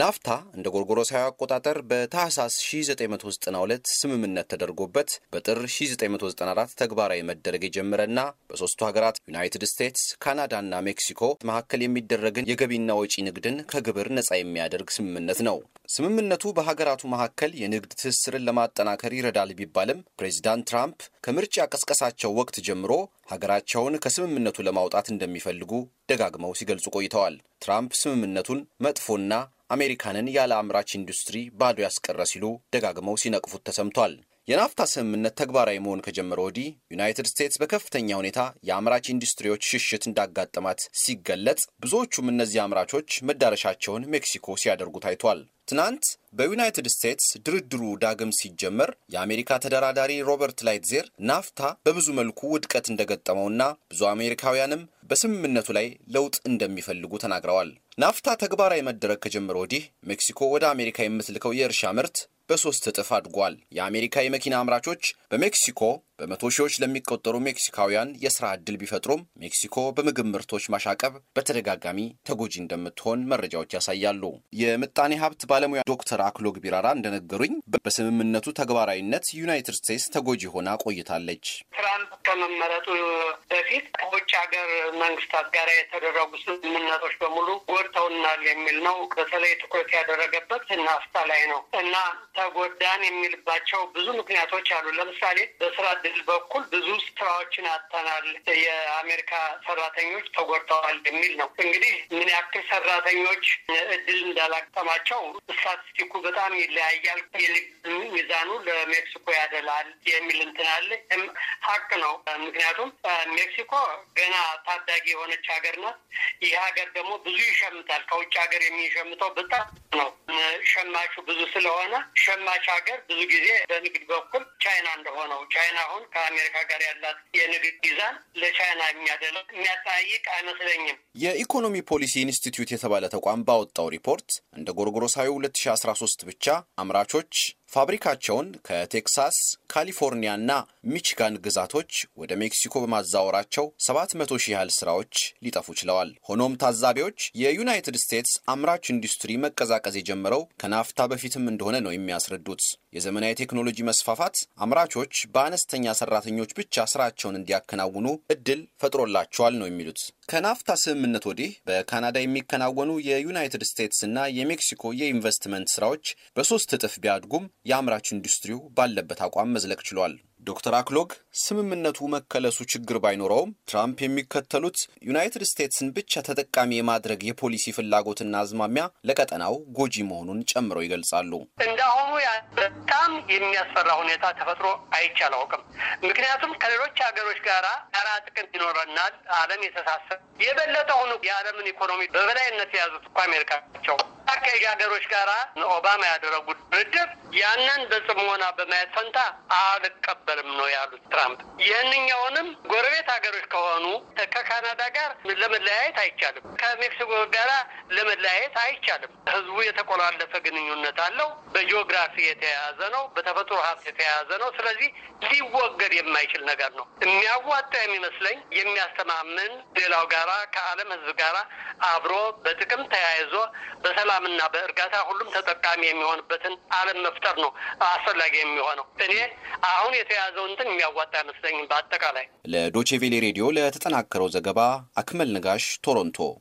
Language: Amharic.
ናፍታ እንደ ጎርጎሮሳዊ አቆጣጠር በታህሳስ 1992 ስምምነት ተደርጎበት በጥር 1994 ተግባራዊ መደረግ የጀመረና በሶስቱ ሀገራት ዩናይትድ ስቴትስ፣ ካናዳና ሜክሲኮ መካከል የሚደረግን የገቢና ወጪ ንግድን ከግብር ነጻ የሚያደርግ ስምምነት ነው። ስምምነቱ በሀገራቱ መካከል የንግድ ትስስርን ለማጠናከር ይረዳል ቢባልም ፕሬዚዳንት ትራምፕ ከምርጫ ቀስቀሳቸው ወቅት ጀምሮ ሀገራቸውን ከስምምነቱ ለማውጣት እንደሚፈልጉ ደጋግመው ሲገልጹ ቆይተዋል። ትራምፕ ስምምነቱን መጥፎና አሜሪካንን ያለ አምራች ኢንዱስትሪ ባዶ ያስቀረ ሲሉ ደጋግመው ሲነቅፉት ተሰምቷል። የናፍታ ስምምነት ተግባራዊ መሆን ከጀመረ ወዲህ ዩናይትድ ስቴትስ በከፍተኛ ሁኔታ የአምራች ኢንዱስትሪዎች ሽሽት እንዳጋጠማት ሲገለጽ፣ ብዙዎቹም እነዚህ አምራቾች መዳረሻቸውን ሜክሲኮ ሲያደርጉ ታይቷል። ትናንት በዩናይትድ ስቴትስ ድርድሩ ዳግም ሲጀመር የአሜሪካ ተደራዳሪ ሮበርት ላይትዜር ናፍታ በብዙ መልኩ ውድቀት እንደገጠመውና ብዙ አሜሪካውያንም በስምምነቱ ላይ ለውጥ እንደሚፈልጉ ተናግረዋል። ናፍታ ተግባራዊ መደረግ ከጀመረ ወዲህ ሜክሲኮ ወደ አሜሪካ የምትልከው የእርሻ ምርት በሶስት እጥፍ አድጓል። የአሜሪካ የመኪና አምራቾች በሜክሲኮ በመቶ ሺዎች ለሚቆጠሩ ሜክሲካውያን የስራ ዕድል ቢፈጥሩም ሜክሲኮ በምግብ ምርቶች ማሻቀብ በተደጋጋሚ ተጎጂ እንደምትሆን መረጃዎች ያሳያሉ። የምጣኔ ሀብት ባለሙያ ዶክተር አክሎግ ቢራራ እንደነገሩኝ በስምምነቱ ተግባራዊነት ዩናይትድ ስቴትስ ተጎጂ ሆና ቆይታለች። ትራምፕ ከመመረጡ በፊት ከውጭ ሀገር መንግስታት ጋር የተደረጉ ስምምነቶች በሙሉ ጎድተውናል የሚል ነው። በተለይ ትኩረት ያደረገበት ናፍታ ላይ ነው እና ተጎዳን የሚልባቸው ብዙ ምክንያቶች አሉ። ለምሳሌ በስራ በንግድ በኩል ብዙ ስራዎችን አጥተናል፣ የአሜሪካ ሰራተኞች ተጎድተዋል የሚል ነው። እንግዲህ ምን ያክል ሰራተኞች እድል እንዳላቀማቸው ስታቲስቲኩ በጣም ይለያያል። ሚዛኑ ለሜክሲኮ ያደላል የሚል እንትን አለ። ሀቅ ነው። ምክንያቱም ሜክሲኮ ገና ታዳጊ የሆነች ሀገር ናት። ይህ ሀገር ደግሞ ብዙ ይሸምታል። ከውጭ ሀገር የሚሸምተው በጣም ነው። ሸማቹ ብዙ ስለሆነ ሸማች ሀገር ብዙ ጊዜ በንግድ በኩል ቻይና እንደሆነው ቻይና አሁን አሁን ከአሜሪካ ጋር ያላት የንግድ ሚዛን ለቻይና የሚያደላ የሚያጠያይቅ አይመስለኝም። የኢኮኖሚ ፖሊሲ ኢንስቲትዩት የተባለ ተቋም ባወጣው ሪፖርት እንደ ጎርጎሮሳዊ 2013 ብቻ አምራቾች ፋብሪካቸውን ከቴክሳስ፣ ካሊፎርኒያና ሚችጋን ግዛቶች ወደ ሜክሲኮ በማዛወራቸው 700 ሺህ ያህል ስራዎች ሊጠፉ ችለዋል። ሆኖም ታዛቢዎች የዩናይትድ ስቴትስ አምራች ኢንዱስትሪ መቀዛቀዝ የጀመረው ከናፍታ በፊትም እንደሆነ ነው የሚያስረዱት። የዘመናዊ ቴክኖሎጂ መስፋፋት አምራቾች በአነስተኛ ሰራተኞች ብቻ ስራቸውን እንዲያከናውኑ እድል ፈጥሮላቸዋል ነው የሚሉት። ከናፍታ ስምምነት ወዲህ በካናዳ የሚከናወኑ የዩናይትድ ስቴትስ እና የሜክሲኮ የኢንቨስትመንት ስራዎች በሶስት እጥፍ ቢያድጉም የአምራች ኢንዱስትሪው ባለበት አቋም መዝለቅ ችሏል። ዶክተር አክሎግ ስምምነቱ መከለሱ ችግር ባይኖረውም ትራምፕ የሚከተሉት ዩናይትድ ስቴትስን ብቻ ተጠቃሚ የማድረግ የፖሊሲ ፍላጎትና አዝማሚያ ለቀጠናው ጎጂ መሆኑን ጨምረው ይገልጻሉ። ያ በጣም የሚያስፈራ ሁኔታ ተፈጥሮ አይቼ አላውቅም። ምክንያቱም ከሌሎች ሀገሮች ጋር ጋራ ጥቅም ይኖረናል። ዓለም የተሳሰ የበለጠ ሁኑ የዓለምን ኢኮኖሚ በበላይነት የያዙት እኮ አሜሪካ ናቸው። ከቀይ ሀገሮች ጋር ኦባማ ያደረጉት ድርድር ያንን በጽሞና በማየት ፈንታ አልቀበልም ነው ያሉት ትራምፕ። ይህንኛውንም ጎረቤት ሀገሮች ከሆኑ ከካናዳ ጋር ለመለያየት አይቻልም፣ ከሜክሲኮ ጋር ለመለያየት አይቻልም። ህዝቡ የተቆላለፈ ግንኙነት አለው። በጂኦግራፊ የተያያዘ ነው። በተፈጥሮ ሀብት የተያያዘ ነው። ስለዚህ ሊወገድ የማይችል ነገር ነው። የሚያዋጣ የሚመስለኝ የሚያስተማምን ሌላው ጋራ ከዓለም ህዝብ ጋራ አብሮ በጥቅም ተያይዞ በሰላም እና በእርጋታ ሁሉም ተጠቃሚ የሚሆንበትን ዓለም መፍጠር ነው አስፈላጊ የሚሆነው። እኔ አሁን የተያዘው እንትን የሚያዋጣ አይመስለኝም። በአጠቃላይ ለዶቼቬሌ ሬዲዮ ለተጠናከረው ዘገባ አክመል ነጋሽ ቶሮንቶ